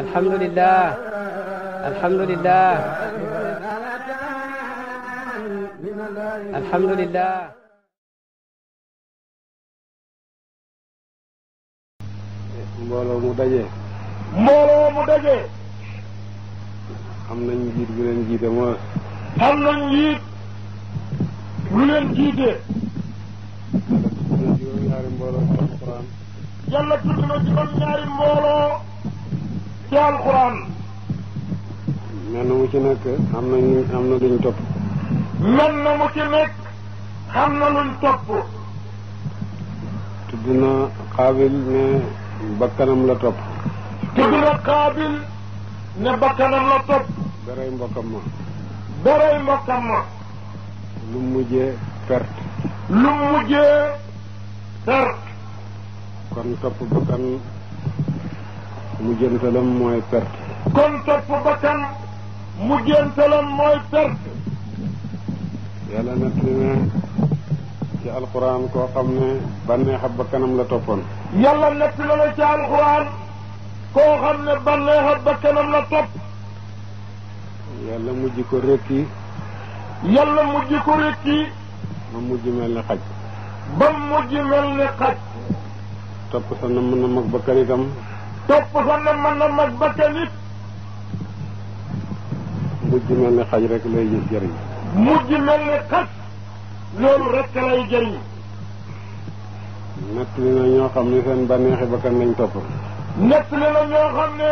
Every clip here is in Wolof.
alhamdulilah alhamdulilah alhamdulilah. mbooloo mu daje. mbooloo mu daje. am nañ njiit bu leen jiite mooy. am nañ njiit lu leen jiite. ñaari mbooloo ci alquran yàlla tudd na juróom ñaari mbooloo ci alquran mel na mu ci nekk am na ñu am na luñ topp mel na mu ci nekk xam na luñ topp tudd na ne bakkanam la topp tudd na ne bakkanam la topp beray mbokkam ma lu mujjee perte lu mujjee kon topp bakkan mu jëntalam mooy perte kon topp bakkan mu jëntalam mooy perte yàlla nett ne ci alquran koo xam ne bànneex ab bakkanam la toppoon yàlla nett la la ci alquran koo xam ne bànneex ab bakkanam la topp yàlla mujj ko rëkki yàlla mujj ko rëkki ma mujj mel ni xaj ba mujj mel ni xaj. topp sa na mën na mag bakkan itam. topp sa na mën na mag bakkan it. mujj mel ni xaj rek lay gis jëriñ. mujj mel ni xaj loolu rek lay jëriñ. nett li na xam ne seen bànneexi bakkan lañ topp. nett li na xam ne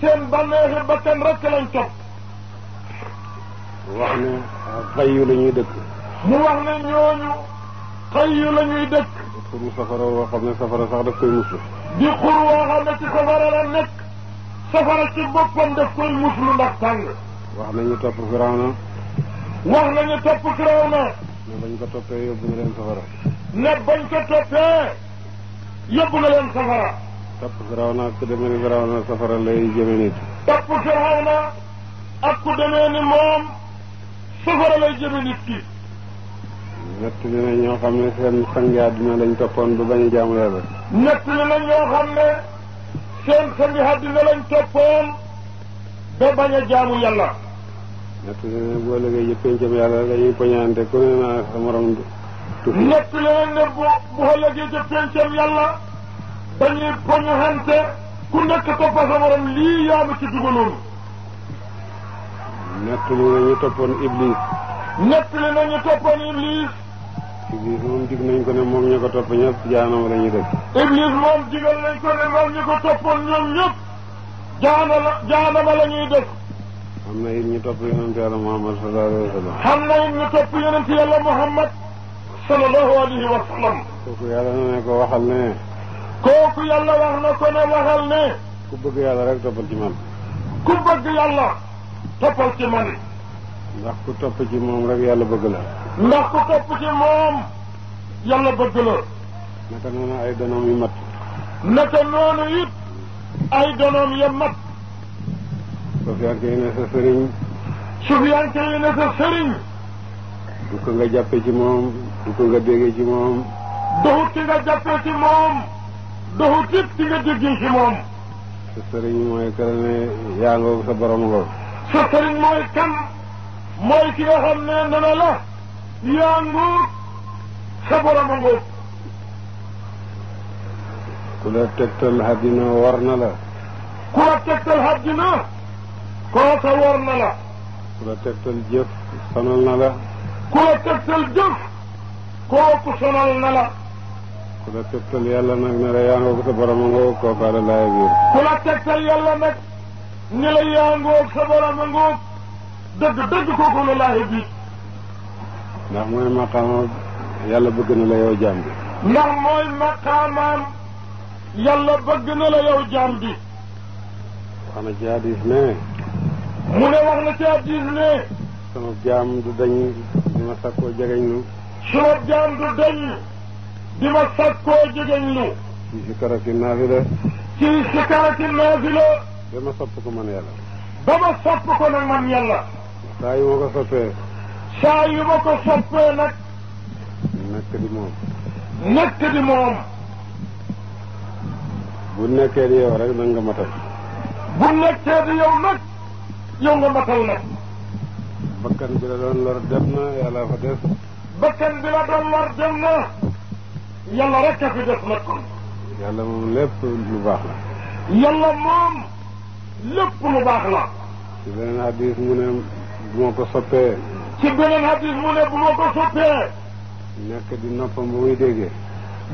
seen bànneexi bakkan rek lañ topp. wax ne xay yu la dëkk. mu wax ne ñooñu. xayyu la ñuy dëkk. xuru safara woo xam ne safara sax daf koy muslu. di xur woo xam ne ci safara la nekk. safara ci boppam daf koy muslu ndax tàng. wax nañu topp Firawna. wax nañu topp Firawna. ne bañ ko toppee yóbbu nga leen safara. ne bañ ko toppee yóbbu nga leen safara. topp Firawna ak ku demee ni Firawna safara lay jëme nit. topp Firawna ak ku demee ni moom safara lay jëme nit ki. ñett ñu ne ñoo xam ne seen sangi àdduna lañ toppoon ba bañ a jaamu yàlla. ñett ñu ne ñoo xam ne seen sangi àdduna lañ toppoon ba bañ a jaamu yàlla. ñett ñu ne boo yàlla dañuy poñaante ku ne naa sa morom tuuti. ñu ne bu boo lëgee yëpp pencam yàlla dañuy poñaante ku nekk topp sa morom lii yaa ci dugaloon. ñett ñu ne ñu toppoon Iblis. Iblis moom dig nañ ko ne moom ñu ko topp ñëpp jaanam la ñuy dëkk. Iblis moom digal nañ ko ne moom ñu ko toppoon ñoom la jaanama la ñuy xam na it ñu topp yonent yàlla Muhammad sallallahu alayhi wa sallam. xam na it ñu topp yonent yàlla Muhammad sallallahu alayhi wa sallam. kooku yàlla na ne ko waxal ne. kooku yàlla wax na ko ne waxal ne. ku bëgg yàlla rek toppal ci man. ku bëgg yàlla toppal ci man. ndax ku topp ci moom rek yàlla bëgg la. ndax ku topp ci moom yàlla bëgg la. naka noonu ay donoom yu mat. naka noonu it ay donoom ya mat. sufiyanke yi ne sa sëriñ. sufiyanke yi ne sa sëriñ. du nga jàppee ci moom du nga déggee ci moom. doxut ki nga jàppee ci moom doxut it ki nga déggee ci moom. sa sëriñ mooy kër ne yaa ngoog sa borom ngoog. sa sëriñ mooy kan mooy ki nga xam ne nana la. yaa nguur sa borom a nguur ku la tegtal àddina war na la ku la tegtal àddina koo sa war na la ku la tegtal jëf sonal na la ku la tegtal jëf kooku sonal na la ku la tegtal yàlla nag ne la yaa ngoog sa borom a ngoog kooku ala laaya biir ku la tegtal yàlla nag ne la yaa ngoog sa borom a ngoog dëgg dëgg kooku la laaya biir ndax mooy maqaamam yàlla bëgg na la bëgg na la yow jaam bi wax na ci hadis ne mu ne wax na ci hadis ne sama jaam du dañ di ma sakkoo jegeñlu sama jaam du dañ di ma sakkoo jegeñlu ci sikarati naafila ci sikarati naafila ba ma sopp ko man yàlla ba ma sopp ko nag man yàlla saa yu ma ko saa yu ma ko soppee nag nekk di moom nekk di moom bu nekkee di yow rek nag nga matal bu nekkee di yow nag yow nga matal nag bakkan bi la doon lor dem na yàlla fa des bakkan bi la doon lor dem na yàlla rek a fi des nag kon yàlla moom lépp lu baax la yàlla moom lépp lu baax la ci beneen hadis mu ne moo ko soppee ሲበለን ሀዲስ ሙነ ብሎ ቆሶቴ ነክድ ኖፈም ውይደግ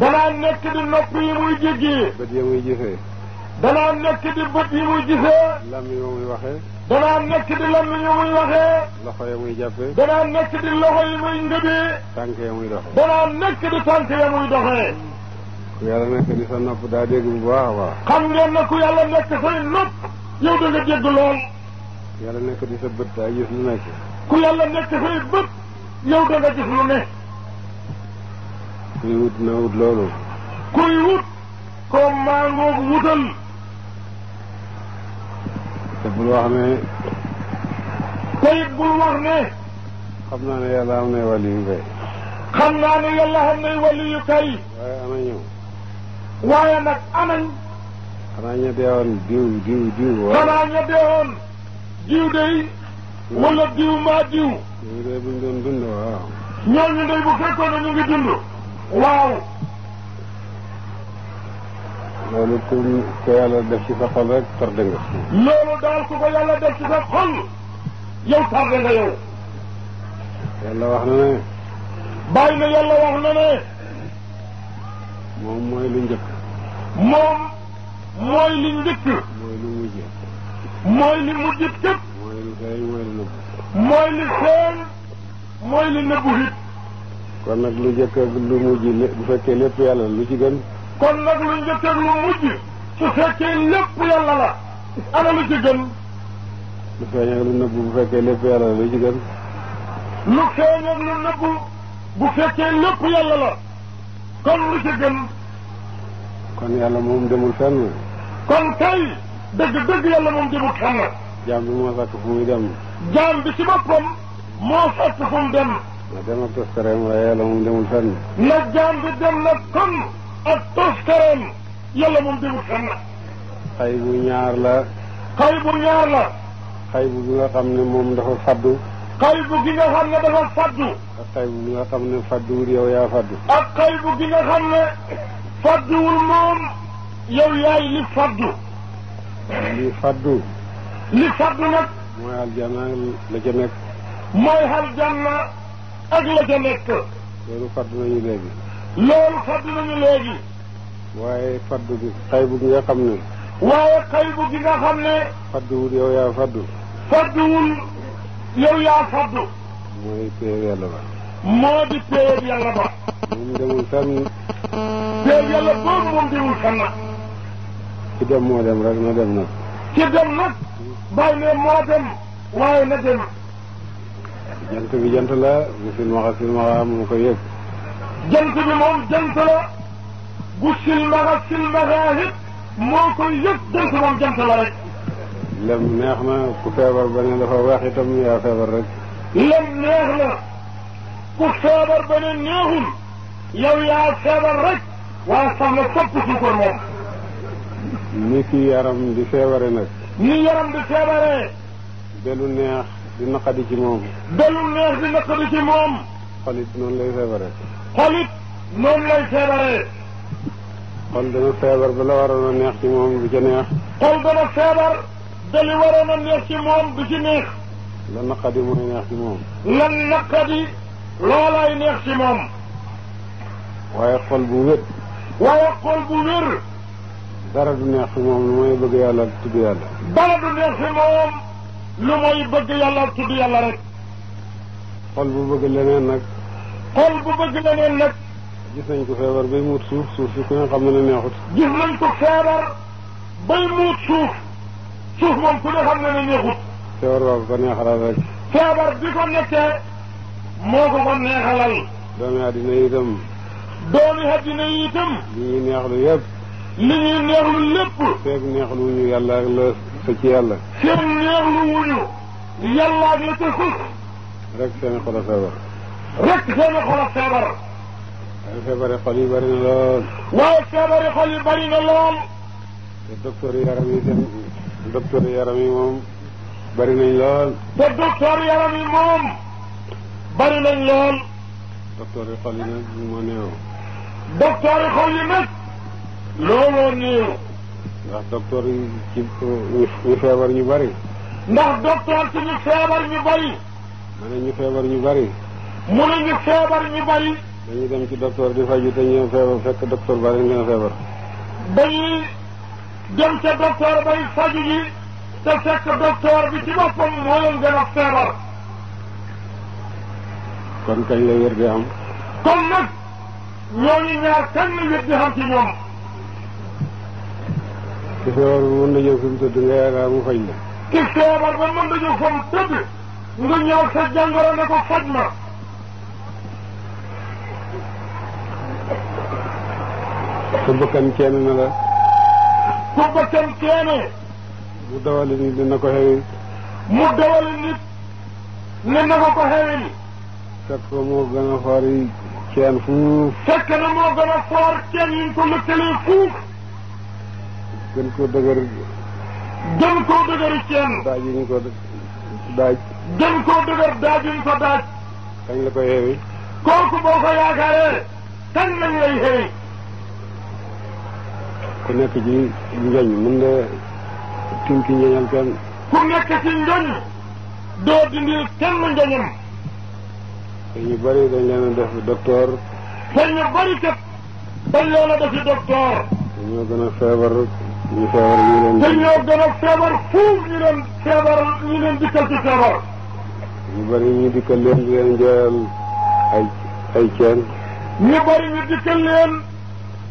ደና ነክድ ኖፍ ይሙይጅጊ በዲሙ ይጅፈ ደና ነክድ በዲሙ ይጅፈ ለምዩ ይወኸ ደና ነክድ ለምዩ ይወኸ loxo ya muy jàppe. danaa nekk di loxo yi muy ngëbee. tànk ya muy doxee. danaa nekk di tànk ya muy doxee. ku yàlla nekk di sa nopp daa dégg bu baax a baax. xam ngeen ne ku yàlla nekk say nopp yow da nga dégg lool. yàlla nekk di sa bët daa gis lu nekk. ku yàlla nekk say bët yow da nga gis lu ne. kuy wut na wut loolu. kuy wut. koo maangoog wutal. te bul wax ne. tey bul wax ne. xam naa ne yàlla am nay wàllu kay. xam naa ne yàlla am nay wàllu kay. waaye ana waaye nag anañ. xanaa ña deewoon diw diw diw. xanaa ña deewoon diw de wala diw maa diw. ñooñu day buñ doon dund waaw. ñooñu day ñu ngi dund. waaw. loolu ku ko yàlla def sa xol rek tardé nga. loolu daal ku ko yàlla def sa xol yow tardé nga yow. yàlla wax na ne. bàyyi na yàlla wax na ne. moom mooy lu njëkk. moom mooy li njëkk. mooy li kon nag lu njëkk lu mujj bu fekkee lépp yàlla lu ci gën. kon nag lu njëkk ak lu mujj su fekkee lépp yàlla la ana lu ci gën. lu la lu lu feeñ ak lu la kon lu ci gën. kon yàlla moom demul fenn. kon tey dëgg dëgg yàlla moom demul fenn. jaam bi moo sàkk fu dem. jaam ci boppam moo sàkk fu mu dem. na dem ak toskareem waaye yàlla moom demul na jaam bi dem na kon ak toskareem yàlla moom demul fenn. xay bu la. xay bu ñaar la. xay bu bi nga dafa faddu. xay bu bu bi nga faddu. ak moom yow li faddu. li faddu. li faddu nag. mooy aljanna la ca nekk. mooy aljanna ak la ca nekk. loolu faddu nañu léegi. loolu faddu nañu léegi. waaye faddu gi xaybu gi nga xam ne. waaye xaybu gi nga xam ne. faddu. fadduwul yow yaa faddu. mooy péeb yàlla ba. moo di péeb ba. moom demul fenn. péeb yàlla boobu moom demul fenn. ki dem moo dem rek na dem nag. ki dem nag bàyyi ne moo dem waaye na dem jant bi jant la bu silmaxa silmaxa mu ko yëg jant bi moom jant la bu silmaxa silmaxa it moo koy yëg jant moom jant la rek lem neex na ku feebar ba ne dafa weex itam yaa feebar rek lem neex na ku feebar ba ne neexul yow yaa feebar rek waaye sax la topp suukar moom ni ki yaram di feebare nag. ni yaram di feebare. belu neex di naqadi ci moom. belu neex di naqadi ci moom. xolit noonu lay feebare. feebar ba la waroon neex ci moom du ca neex. a neex ci moom du ci neex. la naqadi mooy neex ci moom. la naqadi loolaay neex ci moom. waaye xol bu wér. bu wér. dara du neex si moom lu mooy bëgg yàlla tudd yàlla. dara du neex si moom lu mooy bëgg yàlla tudd yàlla rek. xol bu bëgg leneen nag. xol bu bëgg leneen nag. gis nañ ko feebar bay muut suuf suuf si ku ne xam na ne neexut. gis nañ ko feebar bay muut suuf suuf moom ku ne xam na ne neexut. feebar baa ko neexalal rek. feebar bi ko nekkee moo ko ko neexalal. doomi àddina yi itam. doomi àddina yi itam. li ñuy neexlu yëpp. li ñuy neexlu lépp. feeg neexlu wuñu yàlla ak la fa ci yàlla. feeg neexlu wuñu yàlla ak la ca sus. rek seen xol a feebar. rek seen xol a feebar. waaye feebari xol yi bari na lool. waaye feebari xol yi bari na lool. te docteur yaram yi dem docteur yaram yi moom bari nañ lool. te docteur yaram yi moom bari nañ lool. docteur yi xol yi nag moo néew. docteur yi xol yi nag. looloo néew. ndax docteur yi ci ñu feebar ñu bari. ndax docteur ci ñu feebar ñu bari. mu ne ñu feebar ñu bari. mu ne ñu feebar ñu bari. dañuy dem ci docteur di faju te ñu feebar fekk docteur ba leen gën a feebar. dañuy dem ca docteur bay faju ji te fekk docteur bi ci boppam moo leen gën a feebar. kon kañ la wér di am. kon nag ñooñu ñaar kañ la di am ci ñoom. ci feebar bu mën na jóg mu tëdd nga yaakaar mu faj la ci feebar ba mën na jóg mu tëdd nga ñëw sa jàngoro ne ko faj ma sa bëkkan kenn na la sa bëkkan keene mu dawali nit ne na ko xewil mu dawali nit ne na ko ko xewil fekk ko moo gën a foor yi ceen fuuf gën koo dëgër. gën koo dëgër seen. daaj yi ñu ko daaj. gën koo dëgër daaj yi ñu ko daaj. kañ la ko yeewi. kooku boo ko yaakaaree. kañ lañ lay yeewi. ku nekk ci njoñ mën nga tinki njoñal kenn. ku nekk ci njoñ. doo dindil kenn njoñam. te ñu bëri dañ leen def docteur. te ñu bëri kat. dañ leen def docteur. dañoo gën a feebar. ñu feebar ñu leen. te ñoo gën a feebar fuuf ñu leen feebar ñu leen dikkal ci feebar. ñu bëri ñu dikkal leen di leen jooyal ay ceen. ñu bëri ñu dikkal leen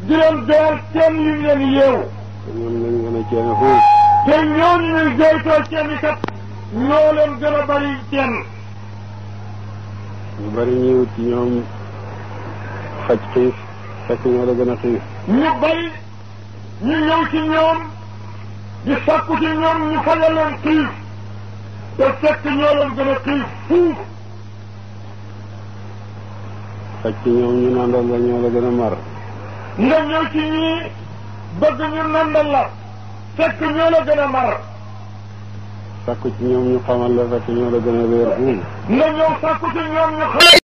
di leen jooyal ceen ñu leen yeewu. te gën a ceene fuuf. te ñooñu leen gën a bëri ceen. ñu bëri ñuy wut ñoom faj xiif fekk ñoo la gën a xiif. ñu ñëw ci ñoom di sakku ci ñu fayal leen xiif te fekk ñoo gën a xiif fuuf. ak ci ñoom ñu nandal la ñoo la gën a mar. nga ñëw ci ñii ñu nandal la fekk ñoo la gën a mar. sakku ci ñoom ñu xamal la fekk la gën a réer